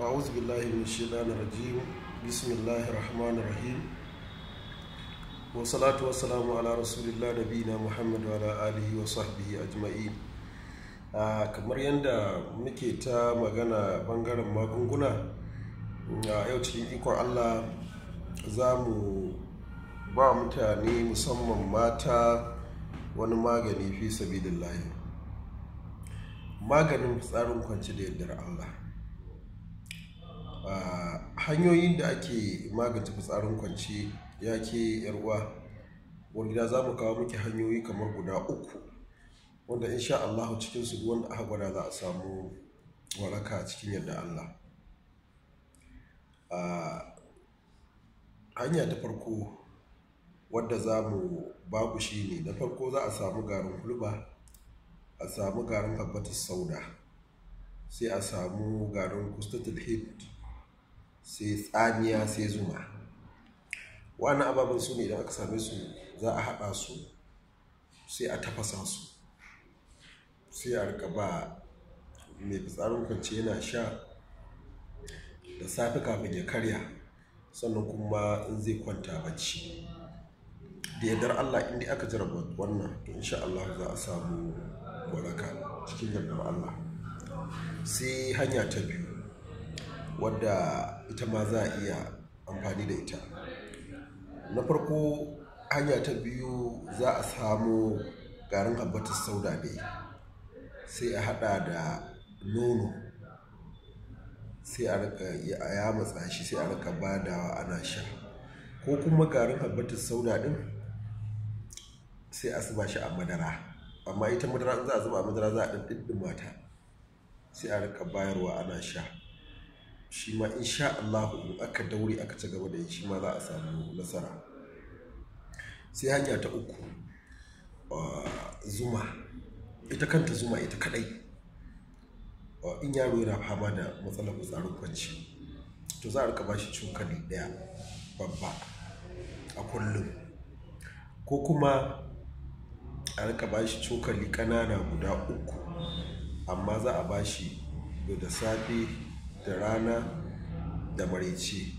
a'udhu billahi min shaitanir rajim bismillahir rahmanir rahim wa salatu wa salamu ala rasulillahi nabiyina muhammad wa ala alihi wa sahbihi ajma'in a kamar yadda muke ta magana bangaren magunguna a yau cikin ikon Allah za mu ba mutane musamman mata wani magani fi sabidin layi maganin tsarin kwance da yardar Allah hanyoyin da ake magance fitsarin kwance ya ke yarwa gida za mu kawo miki hanyoyi kamar guda uku wanda insha Allah cikin su wanda aka gwada za a samu waraka cikin yadda Allah hanya ta farko wadda za mu babu shi ne da farko za a samu garin hulba a samu garin habbatus sauda sai a samu garin kustatul hipt sai tsaniya sai zuma wani ababen su ne idan aka same su za a haɗa su sai a tafasa su sai a rika ba mai fitsarin kwanci yana sha da safe kafin ya karya sannan kuma in zai kwanta bacci da dar allah inda aka jarabar wannan to insha allah za a samu waraka cikin yardar allah sai hanya ta biyu wadda ita ma za a iya amfani da ita na farko hanya ta biyu za a samo garin habbatar sauda ne sai a hada da nono sai a rika ya matsa shi sai a rika badawa ana sha ko kuma garin habbatar sauda din sai a zuba shi a madara amma ita madara za a zuba a madara za a ɗin mata sai a rika bayarwa ana sha shi ma insha Allah in aka daure aka ci gaba da yi shi ma za a samu nasara sai hanya ta uku zuma ita kanta zuma ita kadai in yaro yana fama da matsalar fitsarin kwanci to za a rika bashi cokali daya babba a kullum ko kuma a rika bashi cokali kanana guda uku amma za a bashi da safe da rana da maraice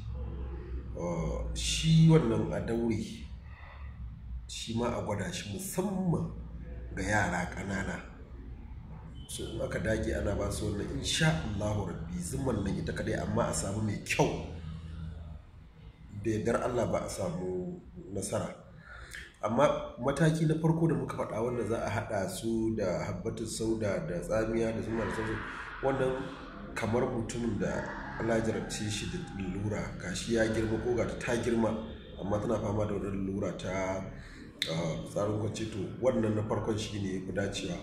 ah, shi wannan a daure shi ma a gwada shi musamman ga yara ƙanana so in aka dage ana ba su wannan insha Allah rabbi zuman nan ita kadai amma a samu mai kyau da yadda Allah ba a samu nasara amma mataki na farko da muka faɗa wanda za a haɗa su da habbatun sauda da tsamiya da zuma da sauransu wannan kamar mutumin da ala ya shi da lura ga shi ya girma ko ga ta girma amma tana fama da wani lura ta ah, tsarin kwanci to wannan na farkon shi ne ku dacewa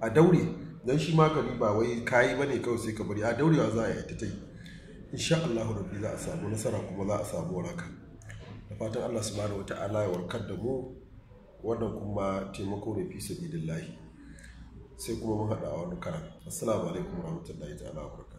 a daure don shi ma kari ba wai kayi ne kawai sai ka bari a daurewa za a yi ta yi insha Allah rabbi za a samu nasara kuma za a samu waraka da fatan Allah subhanahu wata ya warkar da mu wannan kuma taimako ne fi sabilillahi sai kuma mun hada a wani karan assalamu alaikum warahmatullahi ta'ala wa